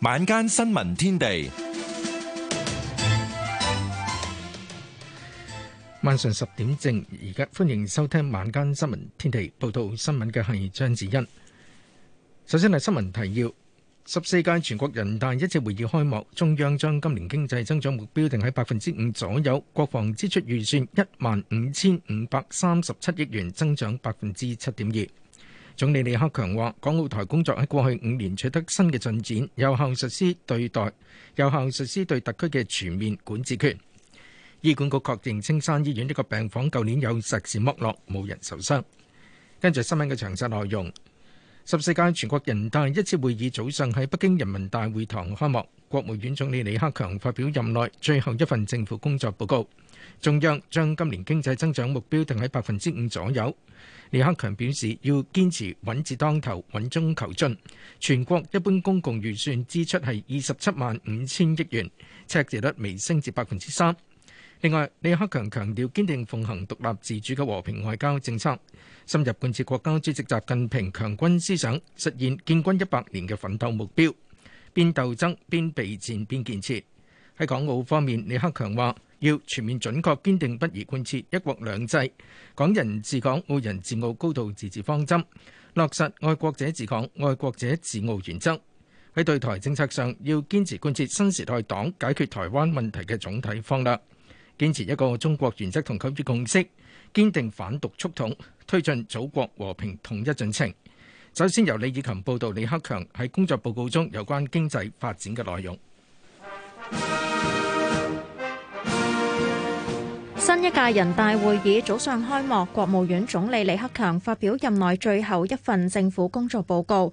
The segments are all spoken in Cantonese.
晚間新聞天地，晚上十點正，而家歡迎收聽晚間新聞天地。報道新聞嘅係張子欣。首先係新聞提要：十四屆全國人大一次會議開幕，中央將今年經濟增長目標定喺百分之五左右。國防支出預算一萬五千五百三十七億元，增長百分之七點二。總理李克強話：港澳台工作喺過去五年取得新嘅進展，有效實施對待，有效實施對特區嘅全面管治權。醫管局確認青山醫院呢個病房舊年有實時剝落，冇人受傷。跟住新聞嘅詳細內容，十四屆全國人大一次會議早上喺北京人民大會堂開幕，國務院總理李克強發表任內最後一份政府工作報告。中央將今年經濟增長目標定喺百分之五左右。李克強表示，要堅持穩字當頭，穩中求進。全國一般公共預算支出係二十七萬五千億元，赤字率微升至百分之三。另外，李克強強調堅定奉行獨立自主嘅和平外交政策，深入貫徹國家主席習近平強軍思想，實現建軍一百年嘅奮鬥目標，邊鬥爭、邊備戰，邊建設。喺港澳方面，李克強話：要全面準確堅定不移貫徹一國兩制、港人治港、澳人治澳、高度自治方針，落實愛國者治港、愛國者治澳原則。喺對台政策上，要堅持貫徹新時代黨解決台灣問題嘅總體方略，堅持一個中國原則同九二共識，堅定反獨促統，推進祖國和平統一進程。首先由李以勤報道李克強喺工作報告中有關經濟發展嘅內容。新一屆人大會議早上開幕，國務院總理李克強發表任內最後一份政府工作報告。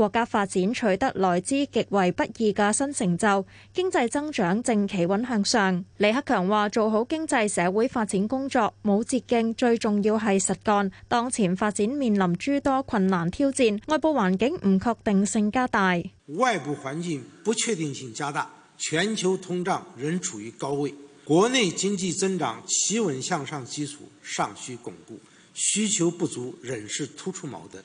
國家發展取得來之極為不易嘅新成就，經濟增長正企穩向上。李克強話：做好經濟社會發展工作，冇捷徑，最重要係實幹。當前發展面臨諸多困難挑戰，外部環境唔確定性加大。外部環境不確定性加大，全球通脹仍處於高位，國內經濟增長企穩向上基礎尚需鞏固，需求不足仍是突出矛盾。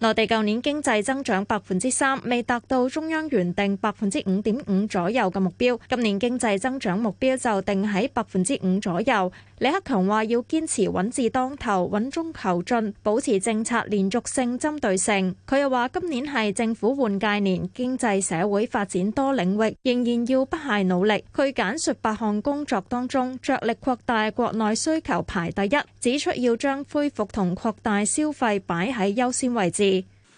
內地舊年經濟增長百分之三，未達到中央原定百分之五點五左右嘅目標。今年經濟增長目標就定喺百分之五左右。李克強話要堅持穩字當頭，穩中求進，保持政策連續性、針對性。佢又話今年係政府換屆年，經濟社會發展多領域仍然要不懈努力。佢簡述八項工作當中，着力擴大國內需求排第一，指出要將恢復同擴大消費擺喺優先位置。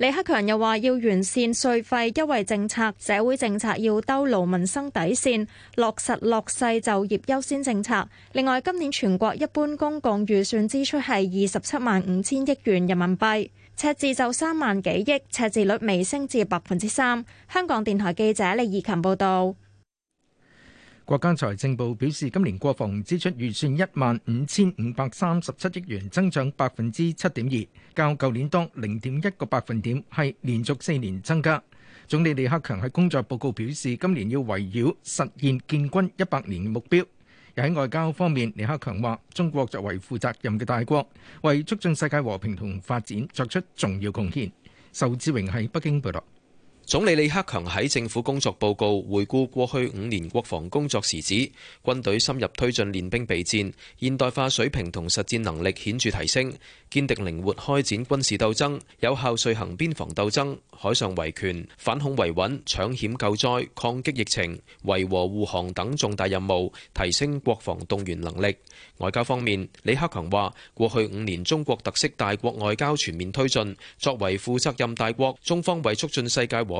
李克強又話：要完善稅費優惠政策，社會政策要兜牢民生底線，落實落細就業優先政策。另外，今年全國一般公共預算支出係二十七萬五千億元人民幣，赤字就三萬幾億，赤字率微升至百分之三。香港電台記者李義琴報道。國家財政部表示，今年國防支出預算一萬五千五百三十七億元，增長百分之七點二，較舊年多零點一個百分點，係連續四年增加。總理李克強喺工作報告表示，今年要圍繞實現建軍一百年嘅目標。又喺外交方面，李克強話，中國作為負責任嘅大國，為促進世界和平同發展作出重要貢獻。仇志榮喺北京報道。總理李克強喺政府工作報告回顧過去五年國防工作時指，軍隊深入推進練兵備戰，現代化水平同實戰能力顯著提升，堅定靈活開展軍事鬥爭，有效遂行邊防鬥爭、海上維權、反恐維穩、搶險救災、抗擊疫情、維和護航等重大任務，提升國防動員能力。外交方面，李克強話，過去五年中國特色大國外交全面推進，作為負責任大國，中方為促進世界和。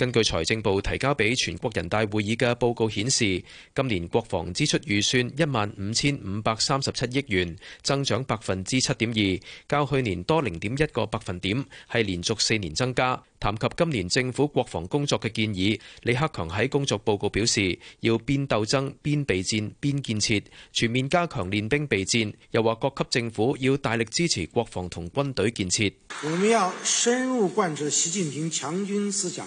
根據財政部提交俾全國人大會議嘅報告顯示，今年國防支出預算一萬五千五百三十七億元，增長百分之七點二，較去年多零點一個百分點，係連續四年增加。談及今年政府國防工作嘅建議，李克強喺工作報告表示，要邊鬥爭邊備戰邊建設，全面加強練兵備戰。又話各級政府要大力支持國防同軍隊建設。我們要深入貫徹習近平強軍思想。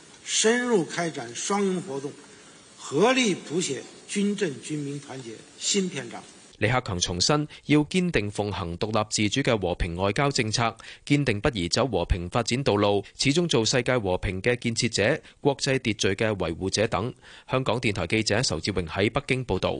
深入開展雙擁活動，合力譜寫軍政軍民團結新篇章。李克強重申，要堅定奉行獨立自主嘅和平外交政策，堅定不移走和平發展道路，始終做世界和平嘅建設者、國際秩序嘅維護者等。香港電台記者仇志榮喺北京報道。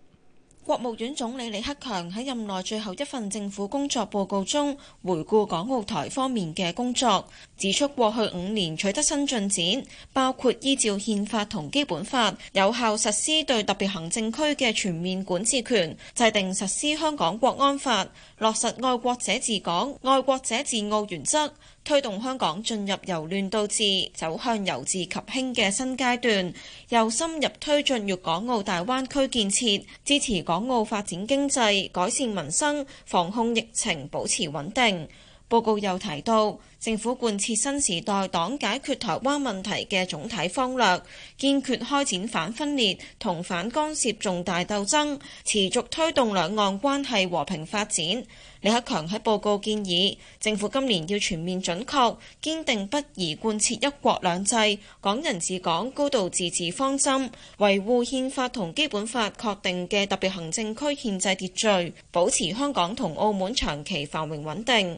國務院總理李克強喺任內最後一份政府工作報告中回顧港澳台方面嘅工作，指出過去五年取得新進展，包括依照憲法同基本法有效實施對特別行政區嘅全面管治權，制定實施香港國安法。落實愛國者治港、愛國者治澳原則，推動香港進入由亂到治、走向由治及興嘅新階段，又深入推進粵港澳大灣區建設，支持港澳發展經濟、改善民生、防控疫情、保持穩定。報告又提到，政府貫徹新時代黨解決台灣問題嘅總體方略，堅決開展反分裂同反干涉重大鬥爭，持續推動兩岸關係和平發展。李克強喺報告建議，政府今年要全面準確、堅定不移貫徹一國兩制、港人治港、高度自治方針，維護憲法同基本法確定嘅特別行政區憲制秩序，保持香港同澳門長期繁榮穩定。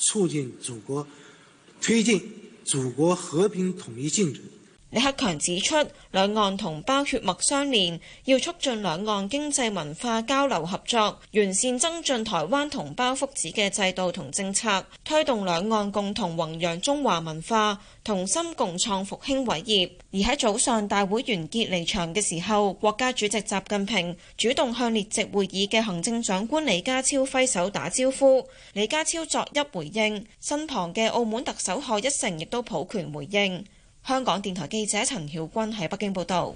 促進祖國，推進祖國和平統一進程。李克強指出，兩岸同胞血脈相連，要促進兩岸經濟文化交流合作，完善增進台灣同胞福祉嘅制度同政策，推動兩岸共同弘揚中華文化，同心共創復興偉業。而喺早上大會完結離場嘅時候，國家主席習近平主動向列席會議嘅行政長官李家超揮手打招呼，李家超作揖回應，身旁嘅澳門特首賀一誠亦都抱拳回應。香港電台記者陳曉君喺北京報道。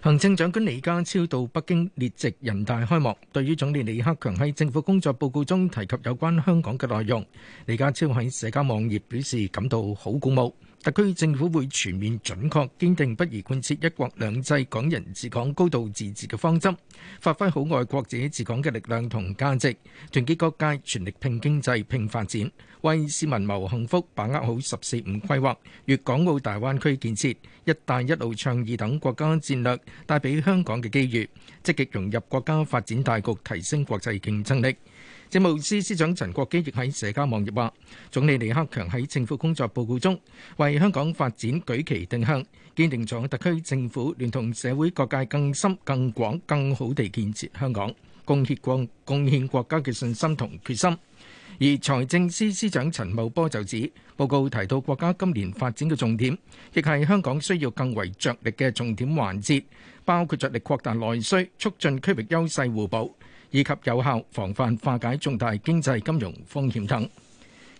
行政長官李家超到北京列席人大開幕，對於總理李克強喺政府工作報告中提及有關香港嘅內容，李家超喺社交網頁表示感到好鼓舞。特區政府會全面準確、堅定不移貫徹一國兩制、港人治港、高度自治嘅方針，發揮好愛國者治港嘅力量同價值，團結各界，全力拼經濟、拼發展，為市民謀幸福，把握好「十四五」規劃、粵港澳大灣區建設、一帶一路倡議等國家戰略帶俾香港嘅機遇，積極融入國家發展大局，提升國際競爭力。政務司司長陳國基亦喺社交網頁話，總理李克強喺政府工作報告中為香港發展舉旗定向，堅定咗特區政府聯同社會各界更深、更廣、更好地建設香港，貢獻國貢獻國家嘅信心同決心。而財政司司長陳茂波就指，報告提到國家今年發展嘅重點，亦係香港需要更為着力嘅重點環節，包括着力擴大內需，促進區域優勢互補。以及有效防範化解重大經濟金融風險等，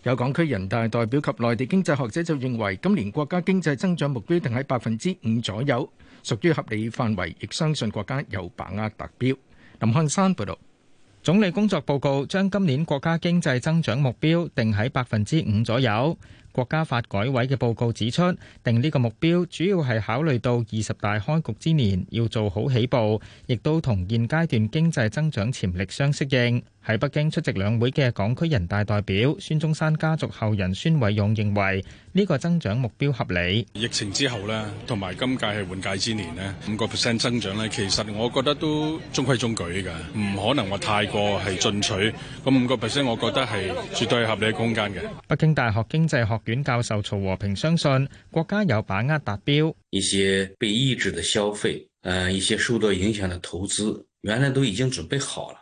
有港區人大代表及內地經濟學者就認為，今年國家經濟增長目標定喺百分之五左右，屬於合理範圍，亦相信國家有把握達標。林漢山報道，總理工作報告將今年國家經濟增長目標定喺百分之五左右。國家發改委嘅報告指出，定呢個目標主要係考慮到二十大開局之年要做好起步，亦都同現階段經濟增長潛力相適應。喺北京出席兩會嘅港區人大代表孫中山家族後人孫偉勇認為呢個增長目標合理。疫情之後咧，同埋今屆係換屆之年咧，五個 percent 增長咧，其實我覺得都中規中矩噶，唔可能話太過係進取。咁五個 percent，我覺得係絕對係合理嘅空間嘅。北京大學經濟學院教授曹和平相信國家有把握達標，一些被抑制嘅消費，誒，一些受到影響嘅投資，原來都已經準備好了。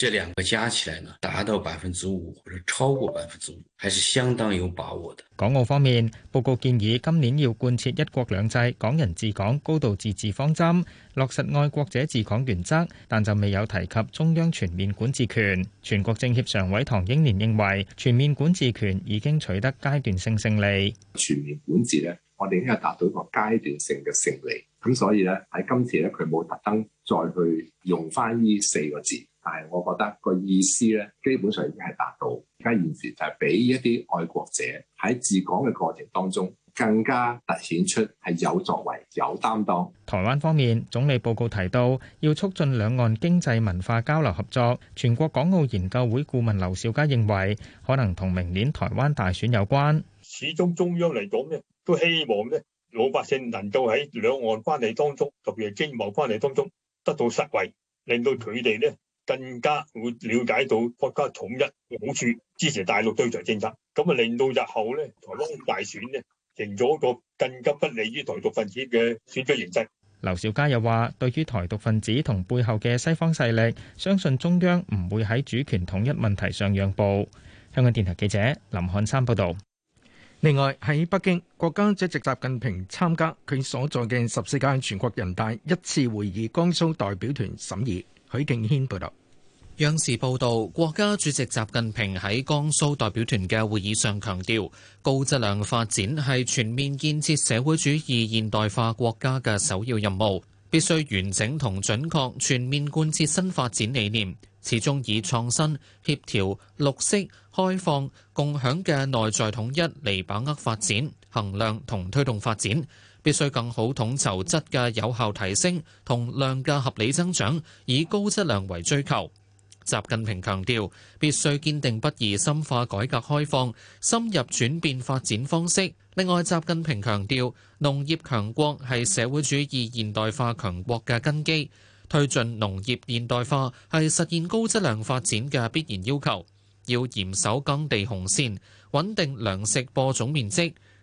這兩個加起來呢，達到百分之五或者超過百分之五，還是相當有把握的。港澳方面，報告建議今年要貫徹一國兩制、港人治港、高度自治方針，落實愛國者治港原則，但就未有提及中央全面管治權。全國政協常委唐英年認為，全面管治權已經取得階段性勝利。全面管治呢，我哋已經達到一個階段性嘅勝利，咁所以呢，喺今次呢，佢冇特登再去用翻呢四個字。但係我覺得個意思咧，基本上已經係達到。而家現時就係俾一啲愛國者喺治港嘅過程當中，更加凸顯出係有作為有擔當。台灣方面總理報告提到，要促進兩岸經濟文化交流合作。全國港澳研究會顧問劉兆佳認為可能同明年台灣大選有關，始終中央嚟講咧，都希望咧，老百姓能夠喺兩岸關係當中，特別係經貿關係當中得到實惠，令到佢哋咧。更加會瞭解到國家統一嘅好處，支持大陸對台政策，咁啊令到日後咧，台灣大選咧，成咗一個更加不利於台獨分子嘅選舉形勢。劉兆佳又話，對於台獨分子同背後嘅西方勢力，相信中央唔會喺主權統一問題上讓步。香港電台記者林漢山報道。另外喺北京，國家主席習近平參加佢所在嘅十四屆全國人大一次會議江蘇代表團審議。許敬軒報道，央視報道，國家主席習近平喺江蘇代表團嘅會議上強調，高質量發展係全面建設社會主義現代化國家嘅首要任務，必須完整同準確全面貫徹新發展理念，始終以創新、協調、綠色、開放、共享嘅內在統一嚟把握發展、衡量同推動發展。必須更好統籌質嘅有效提升同量嘅合理增長，以高質量為追求。習近平強調，必須堅定不移深化改革開放、深入轉變發展方式。另外，習近平強調，農業強國係社會主義現代化強國嘅根基，推進農業現代化係實現高質量發展嘅必然要求，要嚴守耕地紅線，穩定糧食播種面積。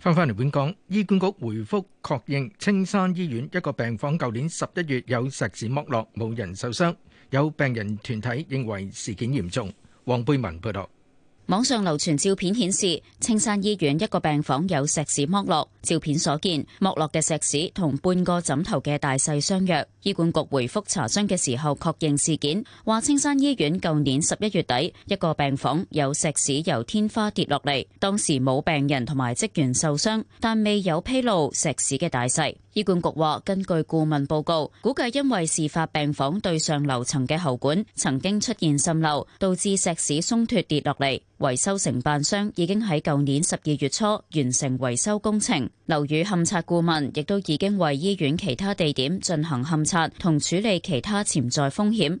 翻返嚟本港，醫管局回覆確認青山醫院一個病房舊年十一月有石屎剝落，冇人受傷。有病人團體認為事件嚴重。黃貝文報道。網上流傳照片顯示，青山醫院一個病房有石屎剝落。照片所見，剝落嘅石屎同半個枕頭嘅大細相約。醫管局回覆查詢嘅時候，確認事件話，青山醫院舊年十一月底一個病房有石屎由天花跌落嚟，當時冇病人同埋職員受傷，但未有披露石屎嘅大細。醫管局話，根據顧問報告，估計因為事發病房對上樓層嘅喉管曾經出現滲漏，導致石屎鬆脫跌落嚟。維修承辦商已經喺舊年十二月初完成維修工程，樓宇勘測顧問亦都已經為醫院其他地點進行勘測同處理其他潛在風險。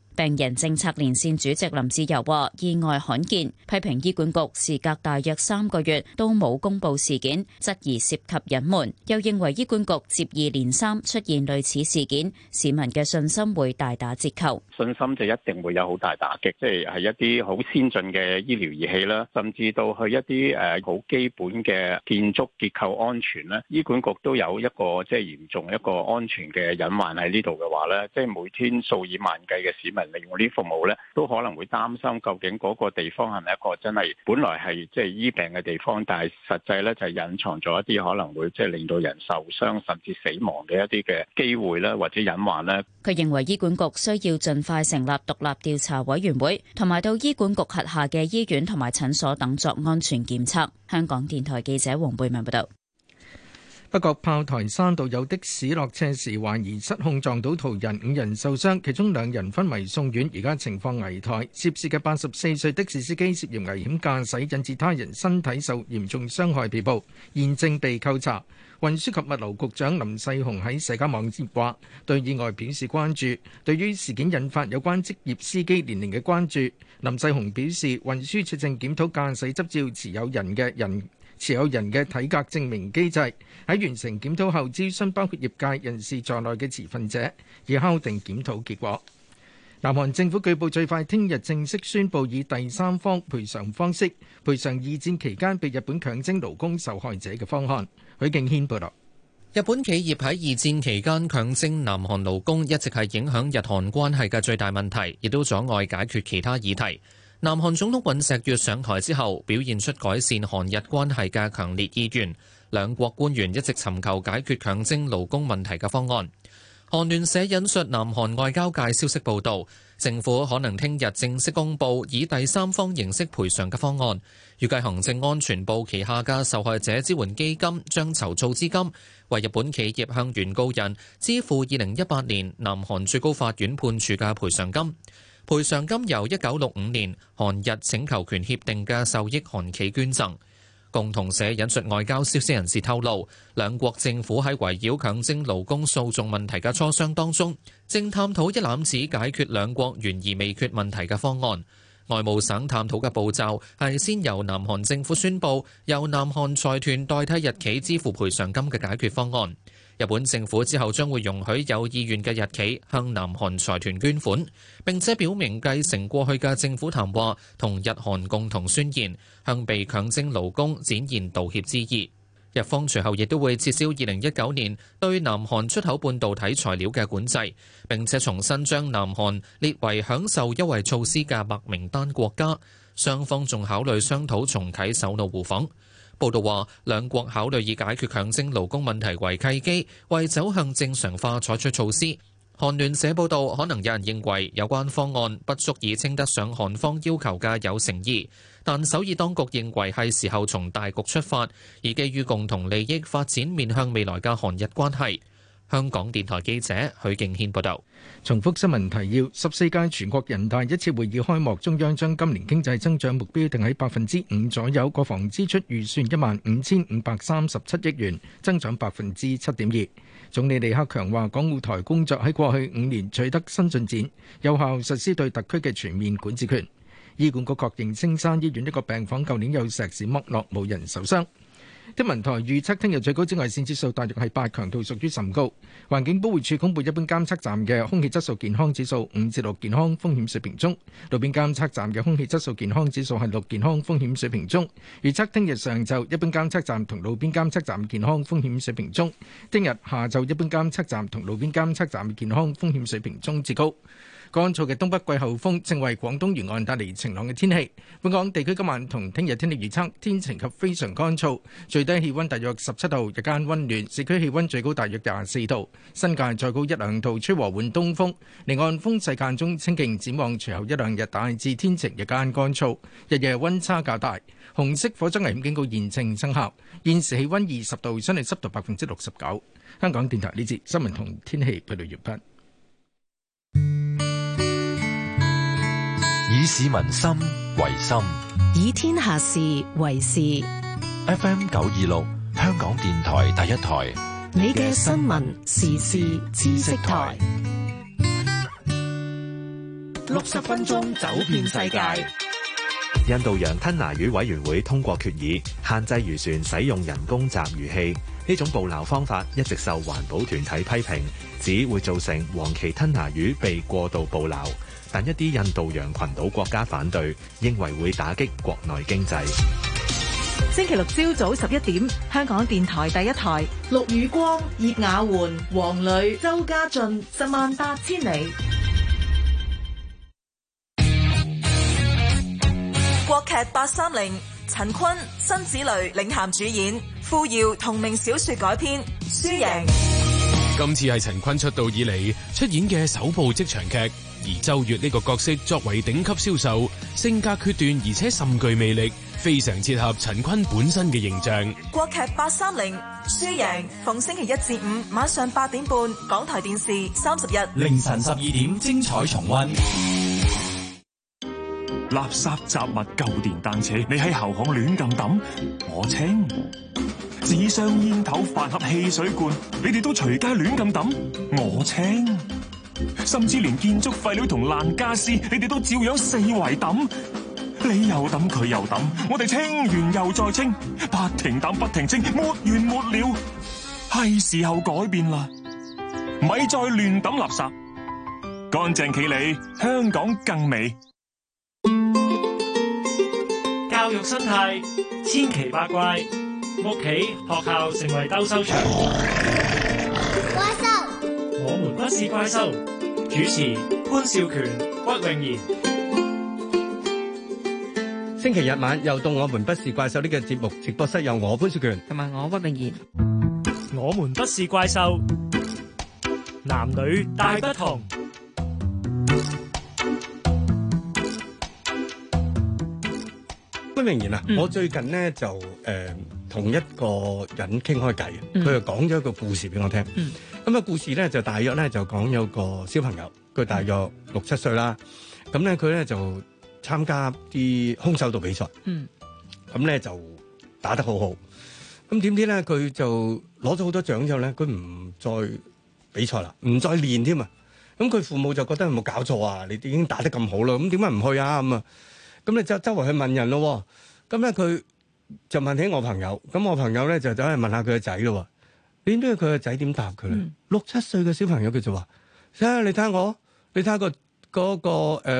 病人政策連線主席林志柔話：意外罕見，批評醫管局時隔大約三個月都冇公布事件，質疑涉及隱瞞。又認為醫管局接二連三出現類似事件，市民嘅信心會大打折扣。信心就一定會有好大打擊，即係係一啲好先進嘅醫療儀器啦，甚至到去一啲誒好基本嘅建築結構安全啦，醫管局都有一個即係嚴重一個安全嘅隱患喺呢度嘅話咧，即係每天數以萬計嘅市民。利用啲服務咧，都可能會擔心究竟嗰個地方係咪一個真係本來係即係醫病嘅地方，但係實際呢，就係隱藏咗一啲可能會即係令到人受傷甚至死亡嘅一啲嘅機會咧，或者隱患咧。佢認為醫管局需要盡快成立獨立調查委員會，同埋到醫管局轄下嘅醫院同埋診所等作安全檢測。香港電台記者黃貝文報道。北角炮台山道有的士落車時懷疑失控撞到途人，五人受傷，其中兩人昏迷送院，而家情況危殆。涉事嘅八十四歲的士司機涉嫌危險駕駛，引致他人身體受嚴重傷害，被捕現正被扣查。運輸及物流局長林世雄喺社交網誌話：對意外表示關注，對於事件引發有關職業司機年齡嘅關注。林世雄表示，運輸署正檢討駕駛執照持有人嘅人。持有人嘅體格證明機制喺完成檢討後，諮詢包括業界人士在內嘅持份者，以敲定檢討結果。南韓政府據報最快聽日正式宣布，以第三方賠償方式賠償二戰期間被日本強徵勞工受害者嘅方案。許敬軒報道，日本企業喺二戰期間強徵南韓勞工，一直係影響日韓關係嘅最大問題，亦都阻礙解決其他議題。南韓總統尹錫悅上台之後，表現出改善韓日關係嘅強烈意願。兩國官員一直尋求解決強徵勞工問題嘅方案。韓聯社引述南韓外交界消息報道，政府可能聽日正式公布以第三方形式賠償嘅方案。預計行政安全部旗下嘅受害者支援基金將籌措資金，為日本企業向原告人支付2018年南韓最高法院判處嘅賠償金。賠償金由1965年韓日請求權協定嘅受益韓企捐贈。共同社引述外交消息人士透露，兩國政府喺圍繞強徵勞工訴訟問題嘅磋商當中，正探討一攬子解決兩國懸而未決問題嘅方案。外務省探討嘅步驟係先由南韓政府宣布由南韓財團代替日企支付賠償金嘅解決方案。日本政府之後將會容許有意願嘅日企向南韓財團捐款，並且表明繼承過去嘅政府談話同日韓共同宣言，向被強徵勞工展現道歉之意。日方隨後亦都會撤銷2019年對南韓出口半導體材料嘅管制，並且重新將南韓列為享受優惠措施嘅白名單國家。雙方仲考慮商討重啟首腦互訪。報道話，兩國考慮以解決強徵勞工問題為契機，為走向正常化採取措施。韓聯社報導，可能有人認為有關方案不足以稱得上韓方要求嘅有誠意，但首爾當局認為係時候從大局出發，而基於共同利益發展面向未來嘅韓日關係。香港電台記者許敬軒報道：重複新聞提要。十四屆全國人大一次會議開幕，中央將今年經濟增長目標定喺百分之五左右。國防支出預算一萬五千五百三十七億元，增長百分之七點二。總理李克強話，港澳台工作喺過去五年取得新進展，有效實施對特區嘅全面管治權。醫管局確認青山醫院一個病房舊年有石屎剝落，冇人受傷。天文台預測聽日最高紫外線指數大約係八強度，屬於甚高。環境保護署公布一般監測站嘅空氣質素健康指數五至六，健康風險水平中；路邊監測站嘅空氣質素健康指數係六，健康風險水平中。預測聽日上晝一般監測站同路邊監測站健康風險水平中；聽日下晝一般監測站同路邊監測站嘅健康風險水平中至高。乾燥嘅東北季候風正為廣東沿岸帶嚟晴朗嘅天氣。本港地區今晚同聽日天氣預測，天晴及非常乾燥，最低氣温大約十七度，日間温暖，市區氣温最高大約廿四度，新界再高一兩度。吹和緩東風，離岸風勢間中清勁。展望隨後一兩日大致天晴，日間乾燥，日夜温差較大。紅色火災危險警告現正生效。現時氣温二十度，相對濕度百分之六十九。香港電台呢節新聞同天氣報導完畢。以市民心為心，以天下事為事。FM 九二六，香港電台第一台，你嘅新聞時事知識台。六十分鐘走遍世界。印度洋吞拿魚委員會通過決議，限制漁船使用人工集魚器。呢種捕撈方法一直受環保團體批評，只會造成黃鰭吞拿魚被過度捕撈。但一啲印度洋群島國家反對，認為會打擊國內經濟。星期六朝早十一點，香港電台第一台，陸雨光、葉雅媛、黃磊、周家俊，十萬八千里。國劇八三零，陳坤、辛芷蕾領銜主演，付遙同名小說改編，輸贏。今次係陳坤出道以嚟出演嘅首部職場劇。而周月呢個角色作為頂級銷售，性格決斷，而且甚具魅力，非常切合陳坤本身嘅形象。國劇八三零輸贏，逢星期一至五晚上八點半，港台電視三十日凌晨十二點，精彩重溫。垃圾雜物、舊電單車，你喺後巷亂咁抌，我清。紙箱、煙頭、飯盒、汽水罐，你哋都隨街亂咁抌，我清。甚至連建築廢料同爛家私，你哋都照樣四圍抌，你又抌佢又抌，我哋清完又再清，不停抌，不停清，沒完沒了，係時候改變啦，咪再亂抌垃圾，乾淨企理，香港更美。教育生態千奇百怪，屋企學校成為兜收場。是怪獸主持潘少權、屈穎妍，星期日晚又到我們不是怪獸呢個節目直播室，有我潘少權同埋我屈穎妍。我們不是怪獸，男女大不同。屈穎妍啊，我最近呢就誒同一個人傾開偈，佢就講咗一個故事俾我聽。嗯。咁嘅故事咧就大約咧就講有個小朋友，佢大約六七歲啦。咁咧佢咧就參加啲空手道比賽，嗯，咁咧就打得好好。咁點知咧佢就攞咗好多獎之後咧，佢唔再比賽啦，唔再練添啊！咁佢父母就覺得有冇搞錯啊？你已經打得咁好啦，咁點解唔去啊？咁啊？咁周周圍去問人咯。咁咧佢就問起我朋友，咁我朋友咧就走去問下佢個仔咯。你點知佢個仔點答佢咧？嗯？六七歲嘅小朋友，佢就話，睇下你睇下我，你睇下、嗰個、嗰個誒。呃